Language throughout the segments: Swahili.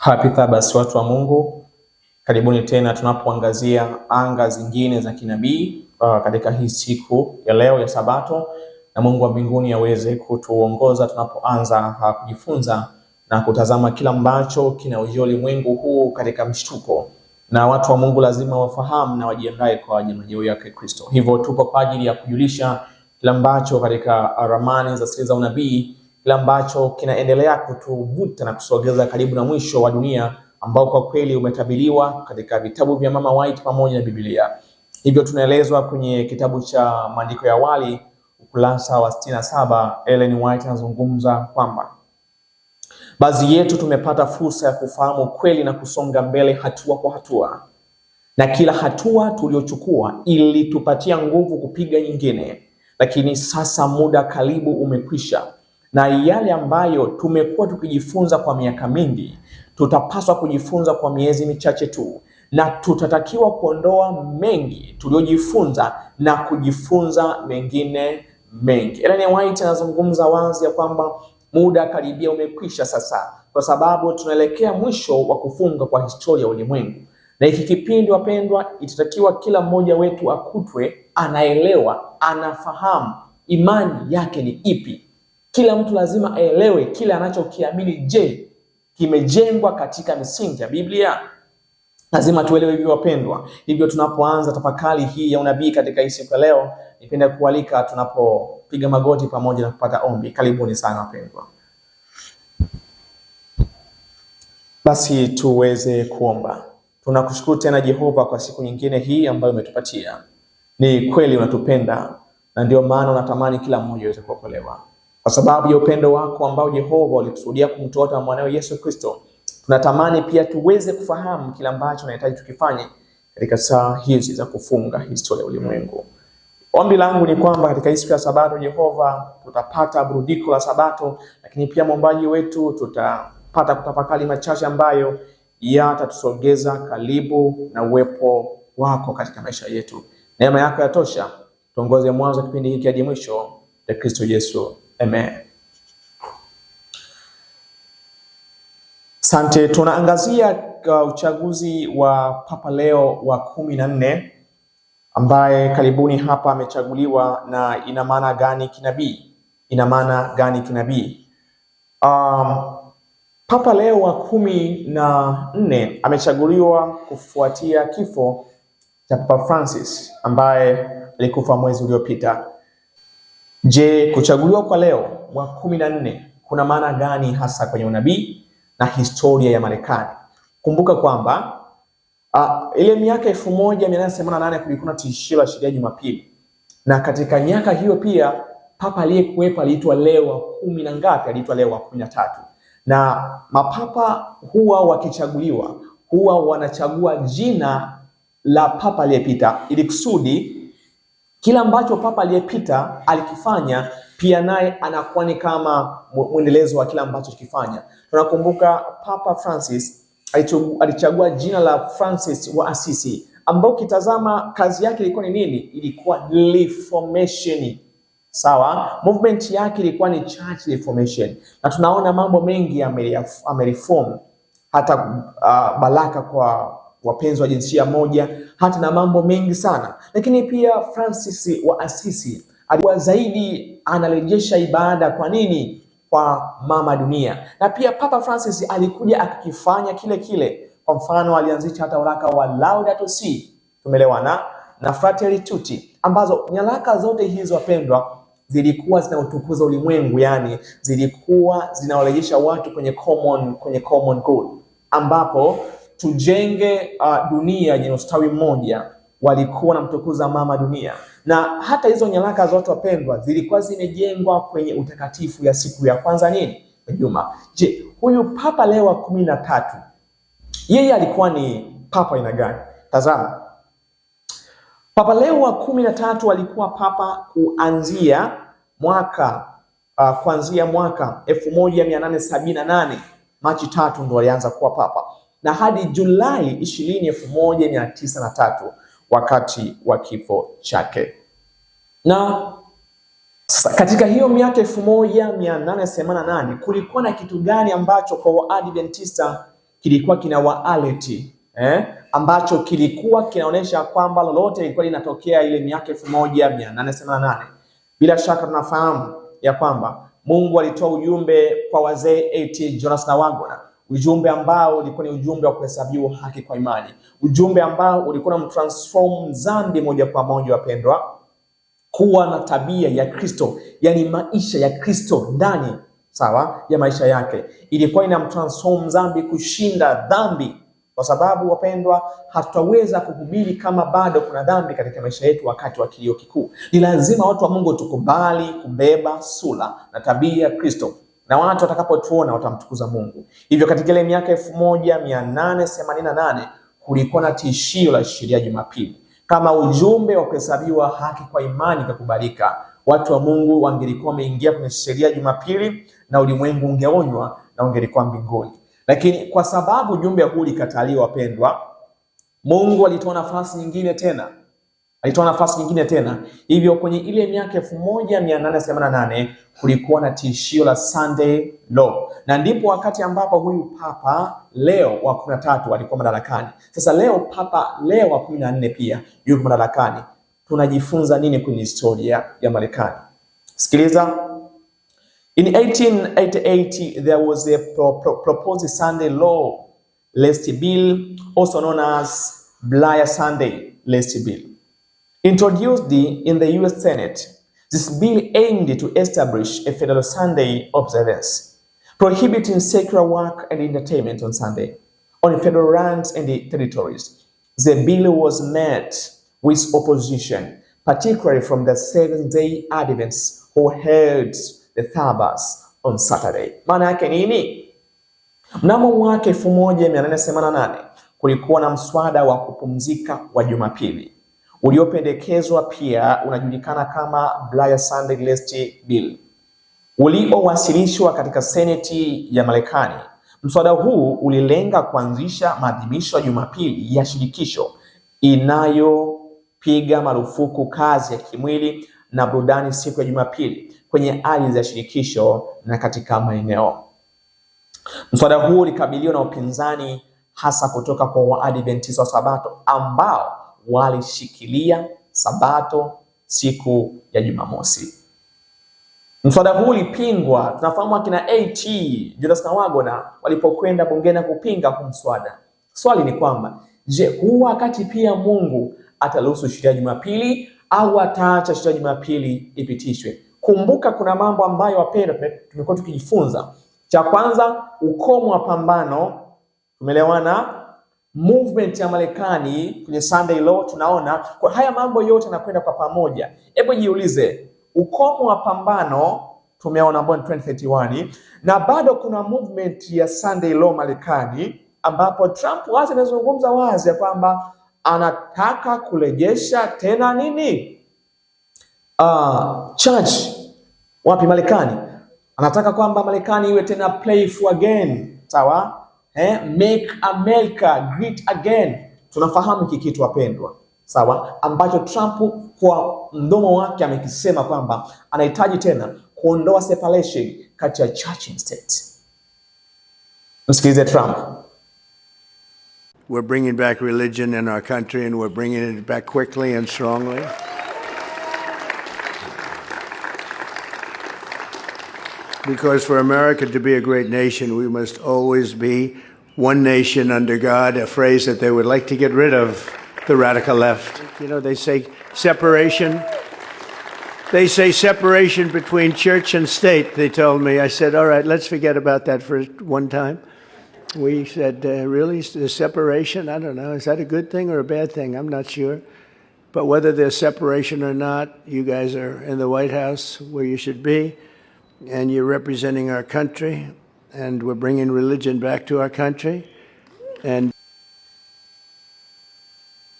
Happy Sabbath, watu wa Mungu, karibuni tena tunapoangazia anga zingine za kinabii uh, katika hii siku ya leo ya Sabato, na Mungu wa mbinguni aweze kutuongoza tunapoanza uh, kujifunza na kutazama kila ambacho kinaujia ulimwengu huu katika mshtuko, na watu wa Mungu lazima wafahamu na wajiandae kwa majeo yake Kristo. Hivyo tupo kwa ajili ya kujulisha kila ambacho katika ramani za siri za unabii kile ambacho kinaendelea kutuvuta na kusogeza karibu na mwisho wa dunia ambao kwa kweli umetabiriwa katika vitabu vya Mama White pamoja na Biblia. Hivyo tunaelezwa kwenye kitabu cha maandiko ya awali ukurasa wa sitini na saba Ellen White anazungumza kwamba baadhi yetu tumepata fursa ya kufahamu kweli na kusonga mbele hatua kwa hatua, na kila hatua tuliyochukua ilitupatia nguvu kupiga nyingine, lakini sasa muda karibu umekwisha na yale ambayo tumekuwa tukijifunza kwa miaka mingi tutapaswa kujifunza kwa miezi michache tu, na tutatakiwa kuondoa mengi tuliyojifunza na kujifunza mengine mengi. Ellen White anazungumza wazi ya kwamba muda karibia umekwisha sasa, kwa sababu tunaelekea mwisho wa kufunga kwa historia ya ulimwengu, na hiki kipindi, wapendwa, itatakiwa kila mmoja wetu akutwe anaelewa, anafahamu imani yake ni ipi kila mtu lazima aelewe kile anachokiamini, je, kimejengwa katika misingi ya Biblia? Lazima tuelewe hivyo wapendwa. Hivyo tunapoanza tafakari hii ya unabii katika hii siku ya leo, nipende kualika tunapopiga magoti pamoja na kupata ombi. Karibuni sana wapendwa. Basi tuweze kuomba. Tunakushukuru tena Jehova kwa siku nyingine hii ambayo umetupatia. Ni kweli unatupenda na ndio maana unatamani kila mmoja aweze kuokolewa. Kwa sababu ya upendo wako ambao Yehova alikusudia kumtoa kwa mwanao Yesu Kristo, tunatamani pia tuweze kufahamu kila ambacho unahitaji tukifanye katika saa hizi za kufunga historia ya ulimwengu. Ombi langu ni kwamba katika siku ya Sabato Yehova, tutapata burudiko la Sabato, lakini pia mwombaji wetu tutapata kutafakari machache ambayo yatatusogeza karibu na uwepo wako katika maisha yetu. Neema yako yatosha. Tuongoze mwanzo kipindi hiki hadi mwisho. Ee Kristo Yesu. Amen. Sante, tunaangazia uh, uchaguzi wa Papa Leo wa kumi na nne ambaye karibuni hapa amechaguliwa na ina maana gani kinabii? Ina maana gani kinabii? Um, Papa Leo wa kumi na nne amechaguliwa kufuatia kifo cha Papa Francis ambaye alikufa mwezi uliopita. Je, kuchaguliwa kwa Leo wa kumi na nne kuna maana gani hasa kwenye unabii na historia ya Marekani? Kumbuka kwamba uh, ile miaka elfu moja mia nane themanini na nane kulikuwa na tishio la sheria Jumapili, na katika miaka hiyo pia papa aliyekuwepo aliitwa Leo wa kumi na ngapi? Aliitwa Leo wa kumi na tatu. Na mapapa huwa wakichaguliwa, huwa wanachagua jina la papa aliyepita ili kusudi kila ambacho papa aliyepita alikifanya pia naye anakuwa ni kama mwendelezo wa kila ambacho kifanya. Tunakumbuka Papa Francis alichagua jina la Francis wa Asisi, ambao ukitazama kazi yake ilikuwa ni nini? Ilikuwa reformation. Sawa, movement yake ilikuwa ni church reformation, na tunaona mambo mengi ameriform, hata uh, baraka kwa wapenzi wa jinsia moja, hata na mambo mengi sana. Lakini pia Francis wa Asisi alikuwa zaidi anarejesha ibada. Kwa nini? Kwa mama dunia. Na pia Papa Francis alikuja akikifanya kile kile. Kwa mfano, alianzisha hata waraka wa Laudato Si, tumelewana na Fratelli Tutti, ambazo nyaraka zote hizo wapendwa zilikuwa zinautukuza ulimwengu, yani zilikuwa zinawarejesha watu kwenye common, kwenye common goal ambapo tujenge uh, dunia yenye ustawi mmoja, walikuwa wanamtukuza mama dunia, na hata hizo nyaraka za watu wapendwa zilikuwa zimejengwa kwenye utakatifu ya siku ya kwanza nini juma. Je, huyu papa Leo wa kumi na tatu yeye alikuwa ni papa aina gani? Tazama, papa Leo wa kumi na tatu alikuwa papa kuanzia mwaka uh, kuanzia mwaka elfu moja mia nane sabini na nane Machi tatu ndo alianza kuwa papa na hadi Julai ishirini elfu moja mia tisa na tatu wakati wa kifo chake. Na katika hiyo miaka elfu moja mia nane themanini na nane kulikuwa na kitu gani ambacho kwa Waadventista kilikuwa kina waaleti eh, ambacho kilikuwa kinaonyesha kwamba lolote lilikuwa linatokea ile miaka elfu moja mia nane themanini na nane Bila shaka tunafahamu ya kwamba Mungu alitoa ujumbe kwa wazee A.T. Jonas Nawagona ujumbe ambao ulikuwa ni ujumbe wa kuhesabiwa haki kwa imani, ujumbe ambao ulikuwa mtransform zambi moja kwa moja, wapendwa, kuwa na tabia ya Kristo, yani maisha ya Kristo ndani sawa ya maisha yake. Ilikuwa inamtransform mzambi kushinda dhambi, kwa sababu wapendwa, hatutaweza kuhubiri kama bado kuna dhambi katika maisha yetu wakati wa kilio kikuu. Ni lazima watu wa Mungu tukubali kubeba sura na tabia ya Kristo na watu watakapotuona watamtukuza Mungu. Hivyo katika ile miaka elfu moja mia nane themanini na nane kulikuwa na tishio la sheria Jumapili. Kama ujumbe wa kuhesabiwa haki kwa imani kakubalika, watu wa Mungu wangelikuwa wameingia kwenye sheria Jumapili na ulimwengu ungeonywa na ungelikuwa mbinguni. Lakini kwa sababu jumbe huu ulikataliwa, wapendwa, Mungu alitoa nafasi nyingine tena alitoa nafasi nyingine tena. Hivyo kwenye ile miaka nane kulikuwa na tishio la Sunday law, na ndipo wakati ambapo huyu Papa Leo wa tatu alikuwa madarakani. Sasa leo Papa Leo wa nne pia yuko madarakani. Tunajifunza nini kwenye historia ya Marekani? Sikiliza. In 1888 there was a pro pro proposed Sunday law lest bill also known as Blair Sunday lest bill introduced in the US Senate, this bill aimed to establish a federal Sunday observance, prohibiting secular work and entertainment on Sunday on federal lands and territories. The bill was met with opposition, particularly from the Seventh-day Adventists who held the Sabbath on Saturday. Maana yake nini? Mnamo mwaka 1888 kulikuwa na mswada wa kupumzika wa Jumapili uliopendekezwa pia unajulikana kama Blair Sunday List Bill uliowasilishwa katika Seneti ya Marekani. Mswada huu ulilenga kuanzisha maadhimisho ya Jumapili ya Shirikisho inayopiga marufuku kazi ya kimwili na burudani siku ya Jumapili kwenye ardhi za shirikisho na katika maeneo. Mswada huu ulikabiliwa na upinzani hasa kutoka kwa Waadventista wa Sabato ambao walishikilia sabato siku ya Jumamosi. Mswada huu ulipingwa, tunafahamu akina AT Julius Nyawagona walipokwenda bungeni kupinga huu mswada. Swali ni kwamba je, huu wakati pia Mungu ataruhusu sheria Jumapili au ataacha sheria Jumapili ipitishwe? Kumbuka kuna mambo ambayo wapendwa, tumekuwa tukijifunza. Cha kwanza, ukomo wa pambano, tumeelewana movement ya Marekani kwenye Sunday Law tunaona kwa haya mambo yote yanakwenda kwa pamoja. Hebu jiulize, ukomo wa pambano tumeona ambao ni 2031 na bado kuna movement ya Sunday Law Marekani, ambapo Trump wazi amezungumza wazi ya kwamba anataka kurejesha tena nini, uh, charge wapi Marekani, anataka kwamba Marekani iwe tena playful again, sawa eh, make America great again. Tunafahamu hiki kitu wapendwa, sawa, ambacho Trump kwa mdomo wake amekisema kwamba anahitaji tena kuondoa separation kati ya church and state. Msikilize Trump. We're bringing back religion in our country and we're bringing it back quickly and strongly. Because for America to be a great nation, we must always be one nation under God, a phrase that they would like to get rid of, the radical left. You know, they say separation. They say separation between church and state, they told me. I said, all right, let's forget about that for one time. We said, uh, really? The separation? I don't know. Is that a good thing or a bad thing? I'm not sure. But whether there's separation or not, you guys are in the White House where you should be, and you're representing our country and we're bringing religion back to our country and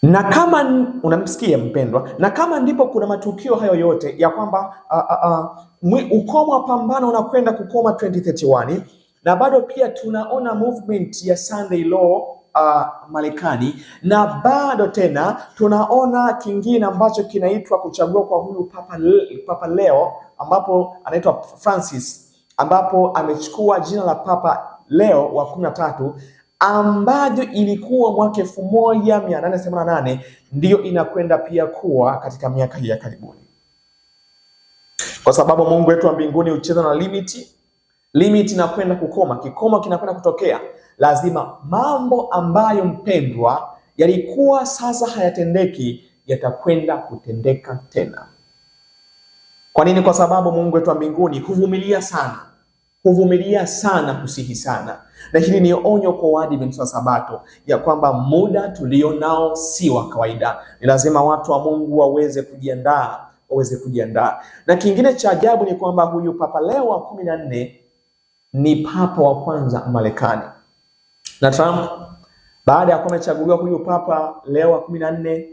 na kama unamsikia mpendwa, na kama ndipo kuna matukio hayo yote ya kwamba ukomo wa pambano unakwenda kukoma 2031 na bado pia tunaona movement ya Sunday law Uh, Marekani na bado tena tunaona kingine ambacho kinaitwa kuchagua kwa huyu Papa, Papa Leo ambapo anaitwa Francis ambapo amechukua jina la Papa Leo wa kumi na tatu ambayo ilikuwa mwaka elfu moja mia nane themanini na nane ndiyo inakwenda pia kuwa katika miaka hii ya karibuni, kwa sababu Mungu wetu wa mbinguni hucheza na limiti limiti inakwenda kukoma, kikomo kinakwenda kutokea. Lazima mambo ambayo mpendwa, yalikuwa sasa hayatendeki yatakwenda kutendeka tena. Kwa nini? Kwa sababu Mungu wetu wa mbinguni huvumilia sana kuvumilia sana, kusihi sana. Na hili ni onyo kwa Waadventista wa Sabato ya kwamba muda tulio nao si wa kawaida. Ni lazima watu wa Mungu waweze kujiandaa, waweze kujiandaa. Na kingine cha ajabu ni kwamba huyu Papa Leo wa kumi na nne ni papa wa kwanza Marekani. Na Trump baada ya kuwa amechaguliwa huyu Papa Leo wa kumi na nne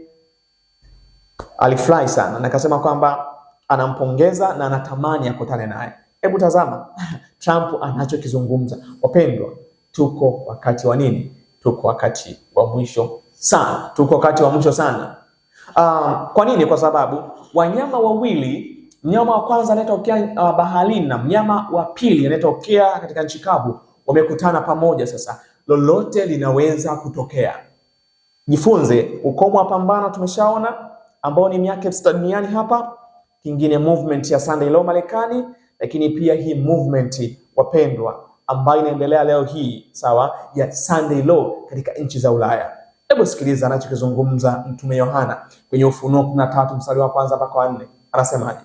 alifurahi sana na akasema kwamba anampongeza na anatamani akutane naye. Hebu tazama Trump anachokizungumza. Wapendwa, tuko wakati wa nini? Tuko wakati wa mwisho sana, tuko wakati wa mwisho sana. Uh, kwa nini? Kwa sababu wanyama wawili mnyama wa kwanza anayetokea uh, baharini na mnyama wa pili anayetokea katika nchi kavu wamekutana pamoja. Sasa lolote linaweza kutokea. Jifunze ukomo wa pambano, tumeshaona ambao ni miaka elfu sita duniani hapa, kingine movement ya Sunday Law Marekani lakini pia hii movement wapendwa, ambayo inaendelea leo hii sawa ya Sunday Law katika nchi za Ulaya. Hebu sikiliza anachokizungumza Mtume Yohana kwenye Ufunuo kumi na tatu mstari wa kwanza mpaka wa nne, anasemaje?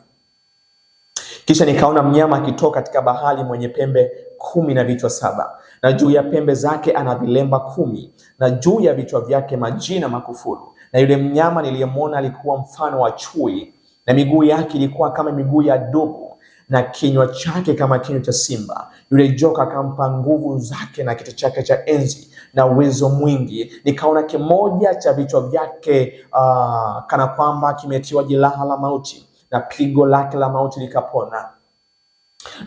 Kisha nikaona mnyama akitoka katika bahari mwenye pembe kumi na vichwa saba, na juu ya pembe zake ana vilemba kumi, na juu ya vichwa vyake majina makufuru. Na yule mnyama niliyemwona alikuwa mfano wa chui, na miguu yake ilikuwa kama miguu ya dubu na kinywa chake kama kinywa cha simba. Yule joka akampa nguvu zake na kiti chake cha enzi na uwezo mwingi. Nikaona kimoja cha vichwa vyake uh, kana kwamba kimetiwa jeraha la mauti na pigo lake la mauti likapona.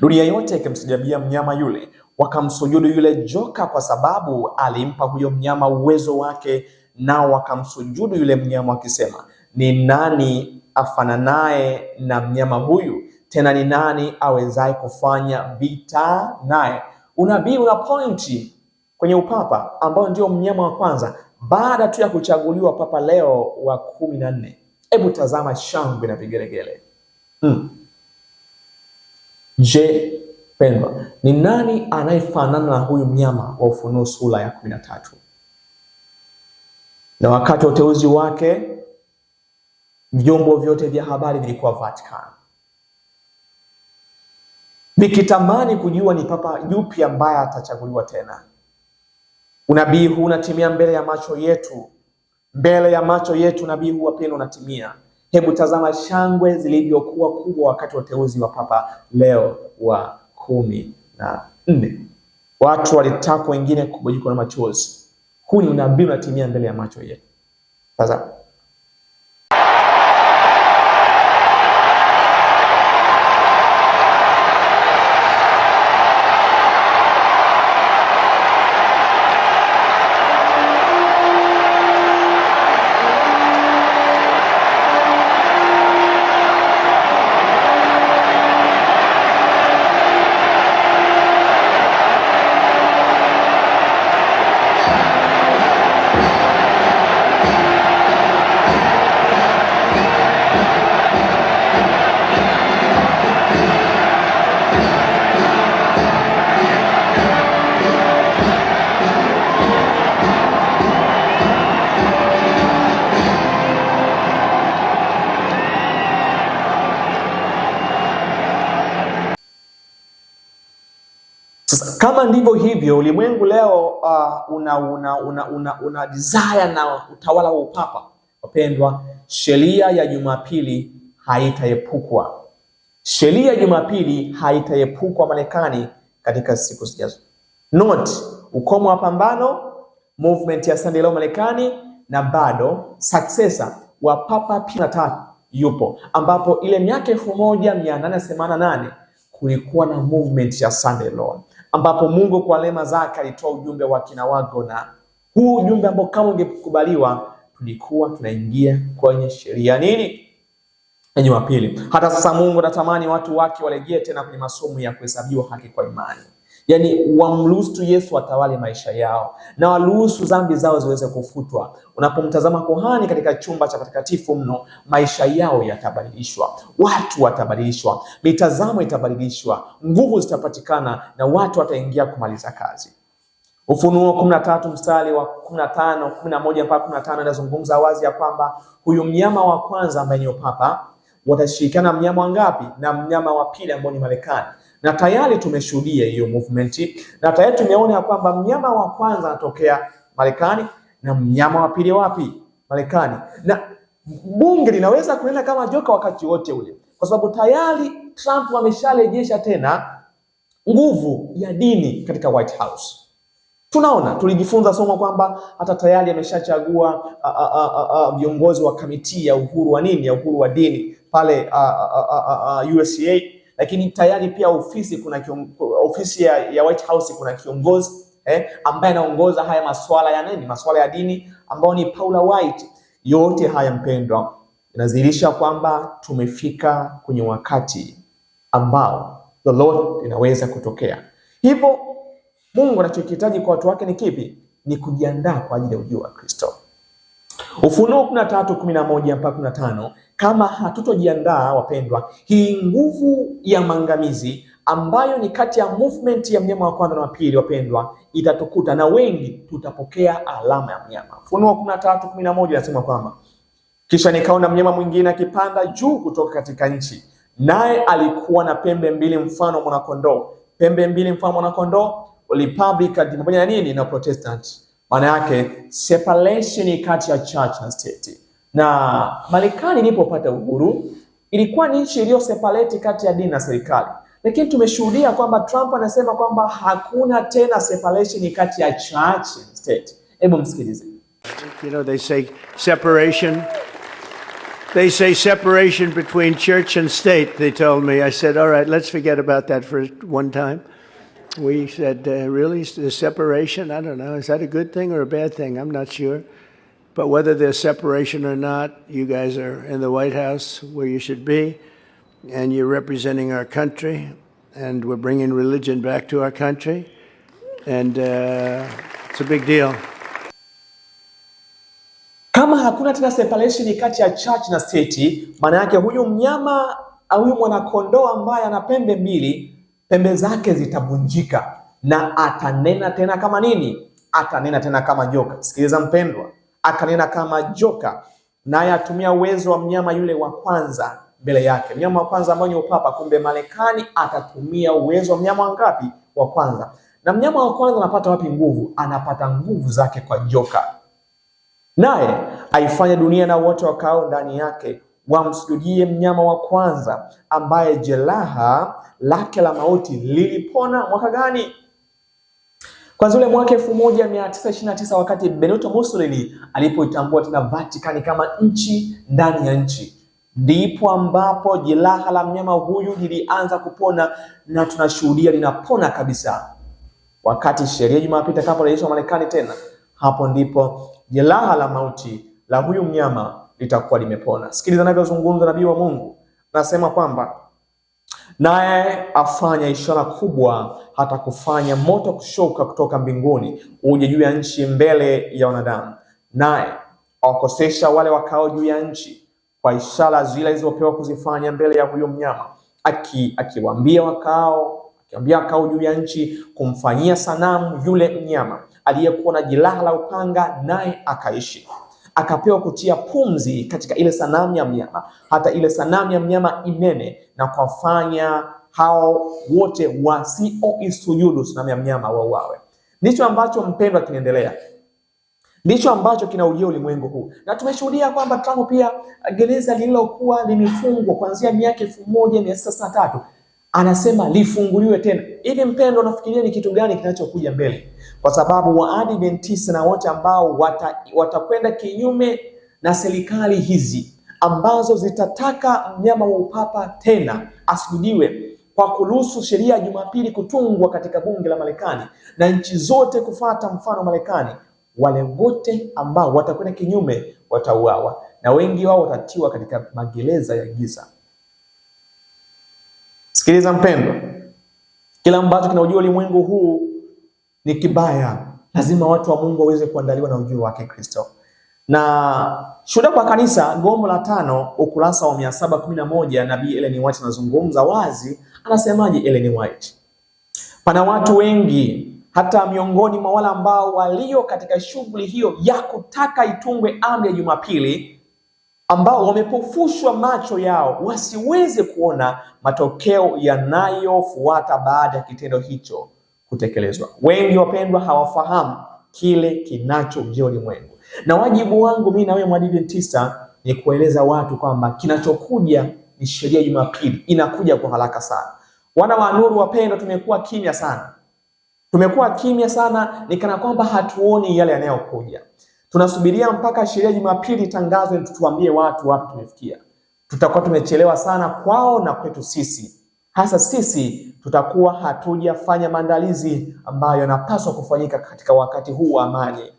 Dunia yote ikimsajabia mnyama yule, wakamsujudu yule joka kwa sababu alimpa huyo mnyama uwezo wake, nao wakamsujudu yule mnyama wakisema, ni nani afananaye na mnyama huyu tena ni nani awezaye kufanya vita naye. Unabii una pointi kwenye upapa ambao ndio mnyama wa kwanza baada tu ya kuchaguliwa Papa Leo wa kumi na nne. Hebu tazama shangwe na vigelegele hmm. Je, pendwa, ni nani anayefanana na huyu mnyama wa Ufunuo sura ya kumi na tatu? Na wakati wa uteuzi wake vyombo vyote vya habari vilikuwa Vatican nikitamani kujua ni papa yupi ambaye atachaguliwa tena. Unabii huu unatimia mbele ya macho yetu, mbele ya macho yetu nabii huu wapendwa, unatimia. Hebu tazama shangwe zilivyokuwa kubwa wakati wa uteuzi wa Papa Leo wa kumi na nne. Watu walitaka wengine kubojikwa na machozi. Huu ni unabii unatimia mbele ya macho yetu. Tazama. kama ndivyo hivyo, ulimwengu leo uh, una, una, una, una, una desire na utawala wa upapa. Wapendwa, sheria ya Jumapili haitaepukwa, sheria ya Jumapili haitaepukwa Marekani katika siku zijazo. Note ukomo wa pambano, movement ya Sunday leo Marekani, na bado successor wa Papa Pio tatu yupo, ambapo ile miaka elfu moja mia nane themanini na nane kulikuwa na movement ya Sunday law ambapo Mungu kwa lema zake alitoa ujumbe wa kina wago, na huu ujumbe ambao kama ungekubaliwa tulikuwa tunaingia kwenye sheria nini ya pili Hata sasa Mungu anatamani watu wake walejee tena kwenye masomo ya kuhesabiwa haki kwa imani. Yaani wamruhusu Yesu atawale maisha yao na waruhusu dhambi zao ziweze kufutwa. Unapomtazama kohani katika chumba cha patakatifu mno, maisha yao yatabadilishwa, watu watabadilishwa, mitazamo itabadilishwa, nguvu zitapatikana na watu wataingia kumaliza kazi. Ufunuo kumi na tatu mstari wa kumi na tano kumi na moja mpaka kumi na tano inazungumza wazi ya kwamba huyu mnyama wa kwanza ambaye ni upapa watashirikiana mnyama wangapi? Na mnyama wa pili ambao ni Marekani na tayari tumeshuhudia hiyo movement, na tayari tumeona kwamba mnyama wa kwanza anatokea Marekani na mnyama wa pili wapi? Marekani. Na bunge linaweza kuenda kama joka wakati wote ule, kwa sababu tayari Trump amesharejesha tena nguvu ya dini katika White House. Tunaona tulijifunza somo kwamba hata tayari ameshachagua viongozi wa kamiti ya uhuru wa nini ya uhuru wa dini pale a, a, a, a, a, lakini tayari pia ofisi kuna kion, ofisi ya, ya White House kuna kiongozi eh, ambaye anaongoza haya masuala ya nini, masuala ya dini ambao ni Paula White. Yote haya mpendwa, inadhihirisha kwamba tumefika kwenye wakati ambao Lord inaweza kutokea. Hivyo Mungu anachokihitaji kwa watu wake ni kipi? Ni kujiandaa kwa ajili ya ujio wa Kristo. Ufunuo 13:11 mpaka 15 kama hatutojiandaa wapendwa, hii nguvu ya maangamizi ambayo ni kati ya movement ya mnyama wa kwanza na wa pili, wapendwa, itatukuta na wengi tutapokea alama ya mnyama. Ufunuo kumi na tatu kumi na moja inasema kwamba kisha nikaona mnyama mwingine akipanda juu kutoka katika nchi, naye alikuwa na pembe mbili mfano mwanakondoo. Pembe mbili mfano mwanakondoo, Republican pamoja na nini na Protestant, maana yake separation kati ya church na state Na Marekani ilipopata uhuru ilikuwa ni nchi iliyo separate kati ya dini na serikali, lakini tumeshuhudia kwamba Trump anasema kwamba hakuna tena separation kati ya church and state. Hebu msikilize. You know, they say separation They say separation between church and state, they told me. I said, all right, let's forget about that for one time. We said, uh, really? The separation? I don't know. Is that a good thing or a bad thing? I'm not sure. But whether there's separation or not, you guys are in the White House where you should be, and you're representing our country, and we're bringing religion back to our country, and uh, it's a big deal. Kama hakuna tena separation kati ya church na state, maana yake huyu mnyama au huyu mwanakondoo ambaye ana pembe mbili, pembe zake zitavunjika na atanena tena kama nini? Atanena tena kama nyoka. Sikiliza mpendwa akanena kama joka, naye atumia uwezo wa mnyama yule wa kwanza mbele yake, mnyama wa kwanza ambayo ni upapa. Kumbe Marekani atatumia uwezo wa mnyama wangapi? Wa kwanza. Na mnyama wa kwanza anapata wapi nguvu? Anapata nguvu zake kwa joka, naye aifanye dunia na wote wakao ndani yake wamsujudie mnyama wa kwanza, ambaye jeraha lake la mauti lilipona mwaka gani? Kwanza ule mwaka 1929 wakati Benito Mussolini alipoitambua tena Vatikani kama nchi ndani ya nchi, ndipo ambapo jeraha la mnyama huyu lilianza kupona na tunashuhudia linapona kabisa. Wakati sheria Jumapili itakaporejeshwa Marekani tena, hapo ndipo jeraha la mauti la huyu mnyama litakuwa limepona. Sikiliza anavyozungumza nabii wa Mungu, nasema kwamba naye afanya ishara kubwa hata kufanya moto kushuka kutoka mbinguni uje juu ya nchi mbele ya wanadamu, naye awakosesha wale wakao juu ya nchi kwa ishara zile alizopewa kuzifanya mbele ya huyo mnyama, akiwaambia wakao akiambia wakao juu ya nchi kumfanyia sanamu yule mnyama aliyekuwa na jeraha la upanga, naye akaishi akapewa kutia pumzi katika ile sanamu ya mnyama, hata ile sanamu ya mnyama inene na kuwafanya hao wote wasioisujudu sanamu ya mnyama wauawe. Ndicho ambacho mpendwa kinaendelea, ndicho ambacho kinaujia ulimwengu huu, na tumeshuhudia kwamba tangu pia gereza lililokuwa limefungwa kuanzia miaka elfu moja mia tisa sitini na tatu anasema lifunguliwe tena. Hivi mpendwa, unafikiria ni kitu gani kinachokuja mbele? kwa sababu Waadventista na wote ambao watakwenda wata kinyume na serikali hizi ambazo zitataka mnyama wa upapa tena asujudiwe kwa kuruhusu sheria ya Jumapili kutungwa katika bunge la Marekani na nchi zote kufata mfano wa Marekani, wale wote ambao watakwenda kinyume watauawa na wengi wao watatiwa katika magereza ya giza. Sikiliza mpendwa, kila ambacho kinaujua ulimwengu huu ni kibaya. Lazima watu wa Mungu waweze kuandaliwa na ujio wake Kristo. Na shuhuda kwa kanisa gombo la tano ukurasa wa 711, kumi na moja nabii Ellen White anazungumza wazi, anasemaje Ellen White? Pana watu wengi hata miongoni mwa wale ambao walio katika shughuli hiyo ya kutaka itungwe amri ya Jumapili ambao wamepofushwa macho yao wasiweze kuona matokeo yanayofuata baada ya kitendo hicho kutekelezwa. Wengi wapendwa, hawafahamu kile kinachomjia ulimwengu, na wajibu wangu mimi na wewe mwadventista ni kueleza watu kwamba kinachokuja ni sheria ya Jumapili, inakuja kwa haraka sana. Wana wa nuru wapendwa, tumekuwa kimya sana, tumekuwa kimya sana, ni kana kwamba hatuoni yale yanayokuja. Tunasubiria mpaka sheria ya Jumapili itangazwe, tutuambie watu wapi tumefikia. Tutakuwa tumechelewa sana kwao na kwetu sisi, hasa sisi tutakuwa hatujafanya maandalizi ambayo yanapaswa kufanyika katika wakati huu wa amani.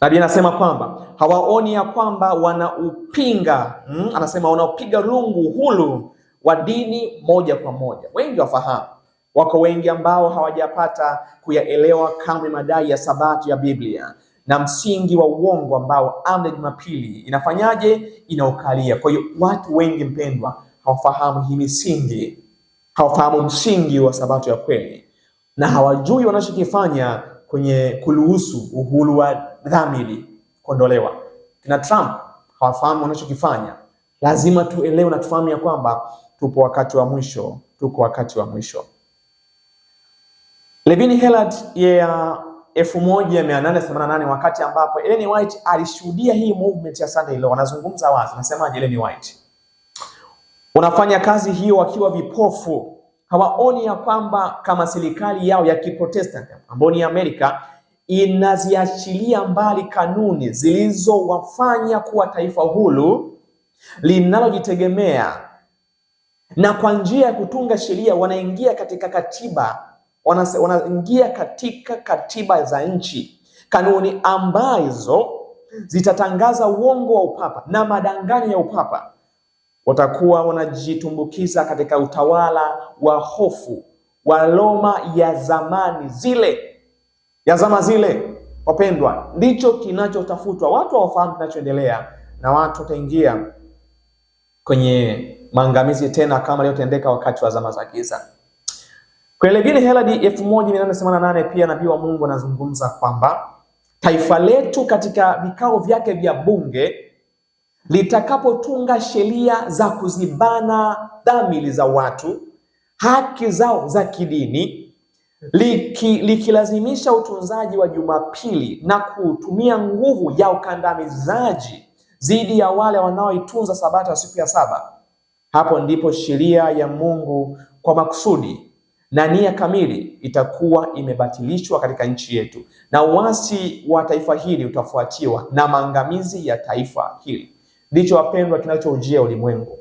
Nabii anasema kwamba hawaoni ya kwamba wanaupinga mm, anasema wanaopiga rungu hulu wa dini moja kwa moja. Wengi wafahamu, wako wengi ambao hawajapata kuyaelewa kamwe madai ya sabato ya Biblia na msingi wa uongo ambao amri ya Jumapili inafanyaje inaukalia. Kwa hiyo watu wengi mpendwa, hawafahamu hii misingi hawafahamu msingi wa sabato ya kweli na hawajui wanachokifanya kwenye kuruhusu uhuru wa dhamiri kuondolewa. Kina Trump hawafahamu wanachokifanya. Lazima tuelewe na tufahamu ya kwamba tupo wakati wa mwisho, tuko wakati wa mwisho. Levin Hellard ya elfu moja wakati ambapo Ellen White alishuhudia hii movement ya Sunday Law, anazungumza wazi, anasemaje Ellen White? Wanafanya kazi hiyo wakiwa vipofu, hawaoni ya kwamba kama serikali yao ya Kiprotestant ambayo ni Amerika inaziachilia mbali kanuni zilizowafanya kuwa taifa huru linalojitegemea, na kwa njia ya kutunga sheria wanaingia katika katiba, wanaingia katika katiba za nchi, kanuni ambazo zitatangaza uongo wa upapa na madanganyo ya upapa watakuwa wanajitumbukiza katika utawala wa hofu wa Roma ya zamani zile, ya zama zile. Wapendwa, ndicho kinachotafutwa. Watu hawafahamu kinachoendelea, na watu wataingia kwenye maangamizi tena kama aliyotendeka wakati wa zama za giza. Kwenye Injili Herald 1888 pia nabii wa Mungu anazungumza kwamba taifa letu katika vikao vyake vya bunge litakapotunga sheria za kuzibana dhamili za watu, haki zao za kidini, liki, likilazimisha utunzaji wa Jumapili na kutumia nguvu ya ukandamizaji dhidi ya wale wanaoitunza Sabato ya siku ya saba, hapo ndipo sheria ya Mungu kwa makusudi na nia kamili itakuwa imebatilishwa katika nchi yetu, na uasi wa taifa hili utafuatiwa na maangamizi ya taifa hili ndicho wapendwa, kinachoujia ulimwengu,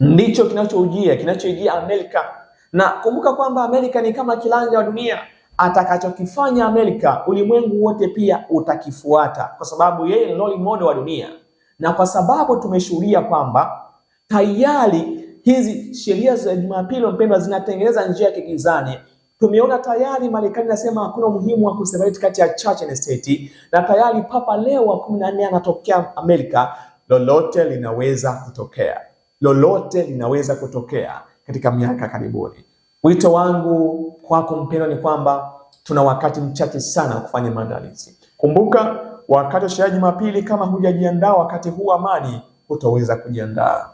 ndicho kinachoujia, kinachoijia Amerika. Na kumbuka kwamba Amerika ni kama kilanja wa dunia. Atakachokifanya Amerika, ulimwengu wote pia utakifuata, kwa sababu yeye ni role model wa dunia, na kwa sababu tumeshuhudia kwamba tayari hizi sheria za Jumapili, mpendwa, zinatengeneza njia ya kigizani Tumeona tayari Marekani nasema hakuna umuhimu wa kuseparate kati ya church na state, na tayari Papa Leo wa kumi na nne anatokea Amerika. Lolote linaweza kutokea, lolote linaweza kutokea katika miaka karibuni. Wito wangu kwako mpendwa ni kwamba tuna wakati mchache sana kufanya maandalizi. Kumbuka wakati wa sherehe Jumapili, kama hujajiandaa wakati huu, amani hutaweza kujiandaa.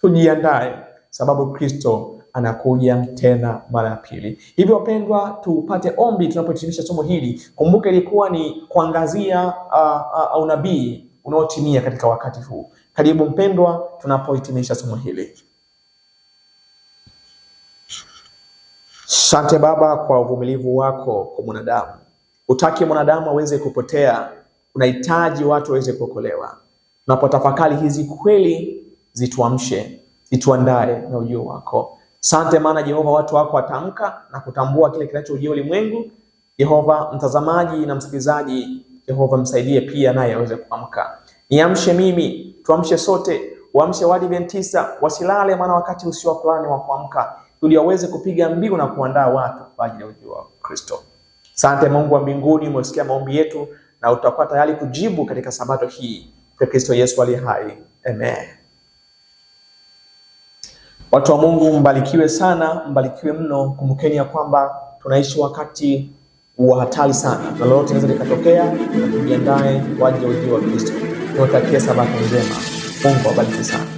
Tujiandae sababu Kristo anakuja tena mara ya pili. Hivyo wapendwa, tupate ombi tunapohitimisha somo hili. Kumbuka ilikuwa ni kuangazia uh, uh, unabii unaotimia katika wakati huu. Karibu mpendwa, tunapohitimisha somo hili. Sante Baba kwa uvumilivu wako kwa mwanadamu. Utaki mwanadamu aweze kupotea, unahitaji watu waweze kuokolewa. Tunapotafakari hizi kweli, zituamshe, zituandae na ujio wako. Sante, maana Jehova watu wako watamka na kutambua kile kinachojia ulimwengu. Jehova mtazamaji na msikilizaji, Jehova msaidie pia naye aweze kuamka. Niamshe mimi, tuamshe sote, waamshe Waadventista, wasilale maana wakati usio fulani wa kuamka, ili waweze kupiga mbiu na kuandaa watu kwa ajili ya ujio wa Kristo. Sante Mungu wa mbinguni, umesikia maombi yetu na utakuwa tayari kujibu katika sabato hii. Kwa Kristo Yesu aliye hai, amen. Watu wa Mungu mbarikiwe sana, mbarikiwe mno. Kumbukeni ya kwamba tunaishi wakati wa hatari sana, na lolote linaweza likatokea, na tujiandae kwa ajili ya ujio wa Kristo. Tunatakia Sabato njema. Mungu awabariki sana.